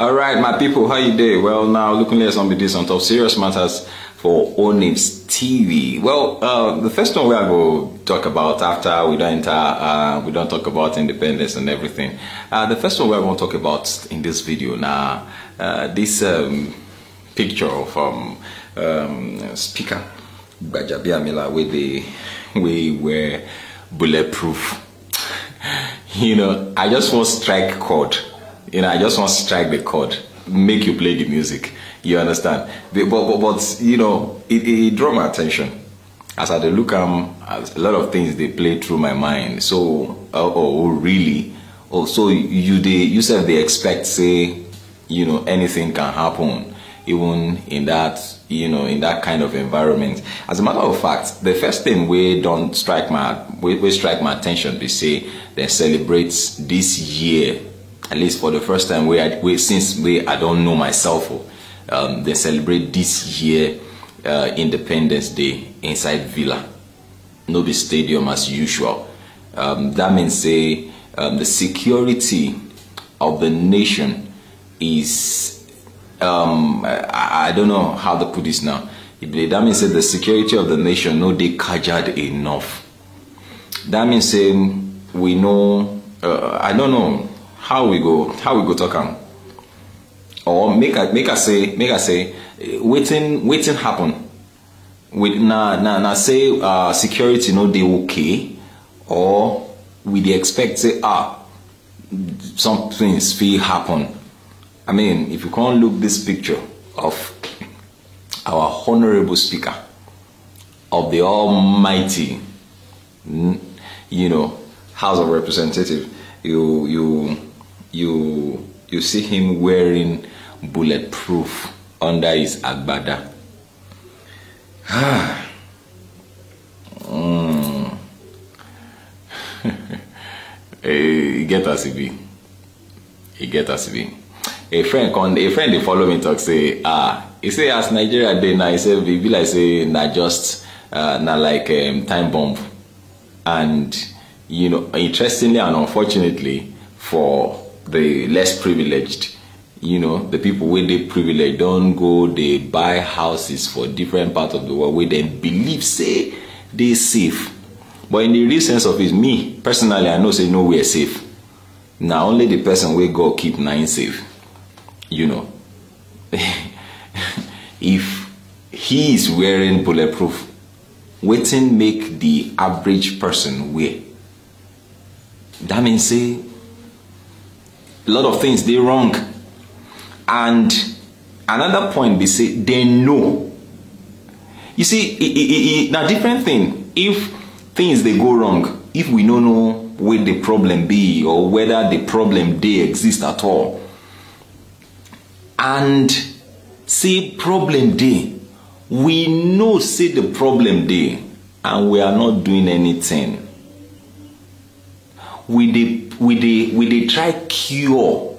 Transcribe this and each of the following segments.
All right, my people, how you doing? Well, now looking at some of this on top serious matters for Onips TV. Well, uh, the first one we are going to talk about after we don't enter, uh, we don't talk about independence and everything. Uh, the first one we are going to talk about in this video now, uh, this um, picture from um, um, Speaker Bajabia Miller, with the we were bulletproof. you know, I just want strike chord you know, I just want to strike the chord, make you play the music. You understand? But, but, but you know, it, it, it draw my attention. As I look, um, a lot of things they play through my mind. So, uh, oh, oh really? Oh, so you they you said they expect say, you know, anything can happen, even in that you know in that kind of environment. As a matter of fact, the first thing we don't strike my we, we strike my attention. They say they celebrate this year at least for the first time we, had we since we I don't know myself oh, um, they celebrate this year uh, Independence Day inside Villa Nobi Stadium as usual um, that means say um, the security of the nation is um, I, I, don't know how to put this now that means say the security of the nation no they kajad enough that means saying we know uh, I don't know how we go how we go talk am or make i make i say make i say Waiting, waiting happen with na na na say uh, security no they okay or we the expect say ah some things fit happen i mean if you can look this picture of our honourable speaker of the almighty you know house of representative you you you you see him wearing bulletproof under his agbada. Ah. mm. Eh, get us be He get us be a friend con a friend they follow me talk say ah he say as nigeria dey now e say e be like say not just uh, like um, time bomb and you know interestingly and unfortunately for the less privileged you know the people the privilege privileged don't go They buy houses for different parts of the world where they believe say they safe but in the real sense of it me personally i know say no. are safe now. only the person where god keep nine safe you know if he is wearing bulletproof waiting make the average person wear that means say a lot of things they wrong and another point they say they know you see e different thing if things they go wrong if we don't know where the problem be or whether the problem they exist at all and see problem day, we know see the problem day, and we are not doing anything we the we dey we dey try cure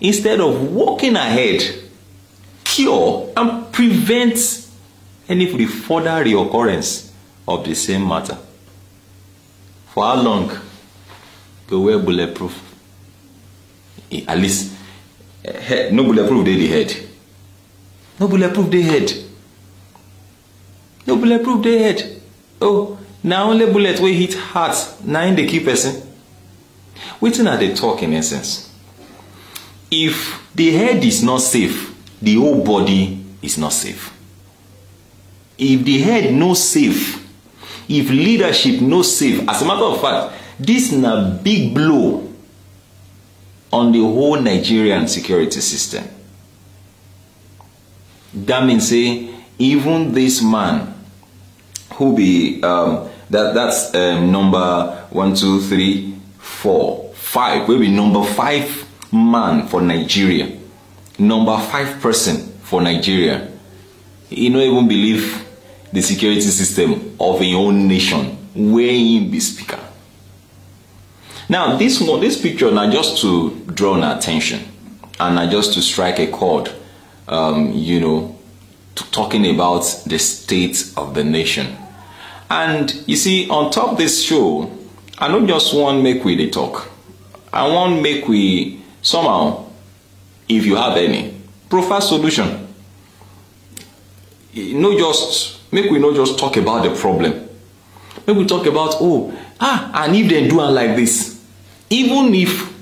instead of walking ahead cure and prevent any further reoccurrence of the same matter for how long go wear bulletproof eh, at least eh, head no bulletproof dey the head no bulletproof dey head no bulletproof dey head oh now only bullet will hit heart Now in the key person Waiting at the talk in essence if the head is not safe the whole body is not safe if the head no safe if leadership no safe as a matter of fact is na big blow on the whole nigerian security system that means say even this man who be um, that that's um, number one two three four five maybe be number five man for nigeria number five person for nigeria e no even believe the security system of his own nation where he be speaker now this one this picture na just to draw an attention and na just to strike a chord um, you know to talking about the state of the nation and you see on top this show i not just one make we they talk I wan make we somehow if you have any provide solution no just make we no just talk about the problem make we talk about oh ah and if dem do am like this even if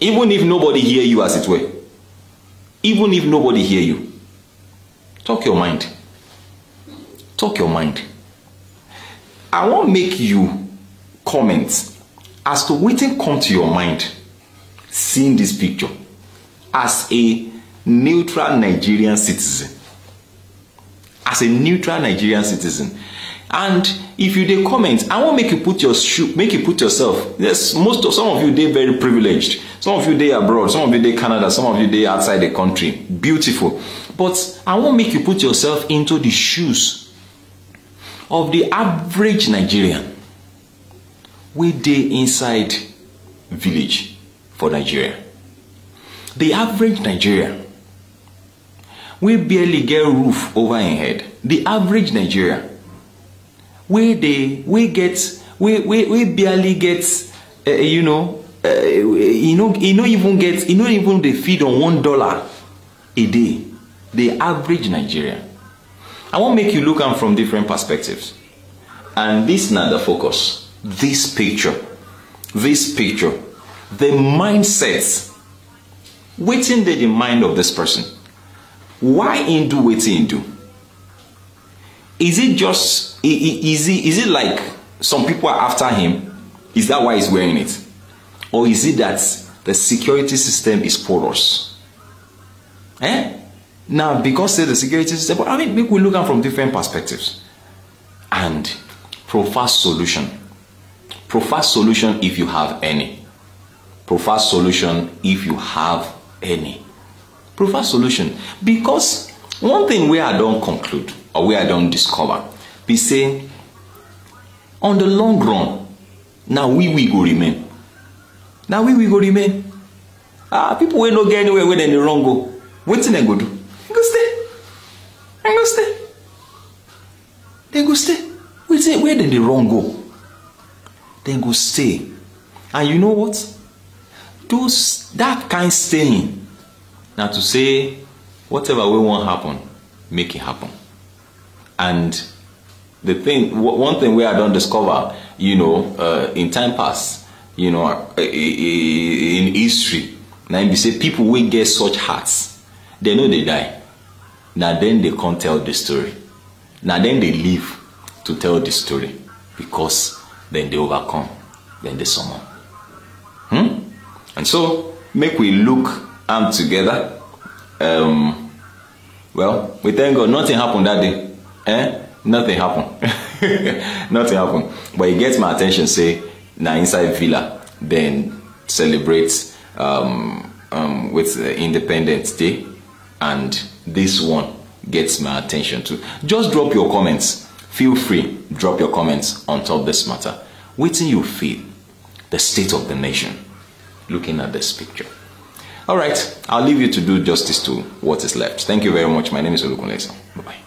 even if nobody hear you as it were even if nobody hear you talk your mind talk your mind i won't make you comment as to wetin come to your mind seeing this picture as a neutral nigerian citizen as a neutral nigerian citizen and if you dey comment i won't make you put your shoe make you put yourself yes most of some of you they very privileged some of you they abroad some of you they canada some of you they outside the country beautiful but i won't make you put yourself into the shoes of the average nigerian wey dey inside village for nigeria the average Nigeria, wey barely get roof over im head the average Nigeria, wey dey wey get wey wey wey barely get uh, you know uh, e no e no even get e no even dey feed on one dollar a day the average Nigeria. i wan make you look am from different perspectives and this na the focus this picture, this picture, the mindsets Waiting the mind of this person. Why Hindu waiting Hindu? Is it just is it, is it like some people are after him? Is that why he's wearing it? Or is it that the security system is porous? Eh? Now, because the security system, I mean, we look at from different perspectives and provide solution. Prefer solution if you have any. Prefer solution if you have any. Prefer solution because one thing wey I don conclude or wey I don discover be say on the long run na we we go remain. Na we we go remain. Ah people wey no get anywhere wey dem dey run go wetin dem go do? Dem go stay. Dem go stay. Dem go stay. Wetin where dem dey run go? then go stay. And you know what? Those that kind of staying. Now to say whatever we want happen, make it happen. And the thing, one thing we I don't discover, you know, uh, in time past, you know, uh, in history, now you say people will get such hearts, they know they die. Now then they can't tell the story. Now then they live to tell the story because then they overcome, then they summon. Hmm? And so, make we look armed together. Um, well, we thank God, nothing happened that day. Eh? Nothing happened. nothing happened. But it gets my attention, say, now inside villa, then celebrate um, um, with Independence Day. And this one gets my attention too. Just drop your comments feel free, drop your comments on top this matter. Waiting you feel the state of the nation looking at this picture. All right, I'll leave you to do justice to what is left. Thank you very much. My name is Olukunle. Bye-bye.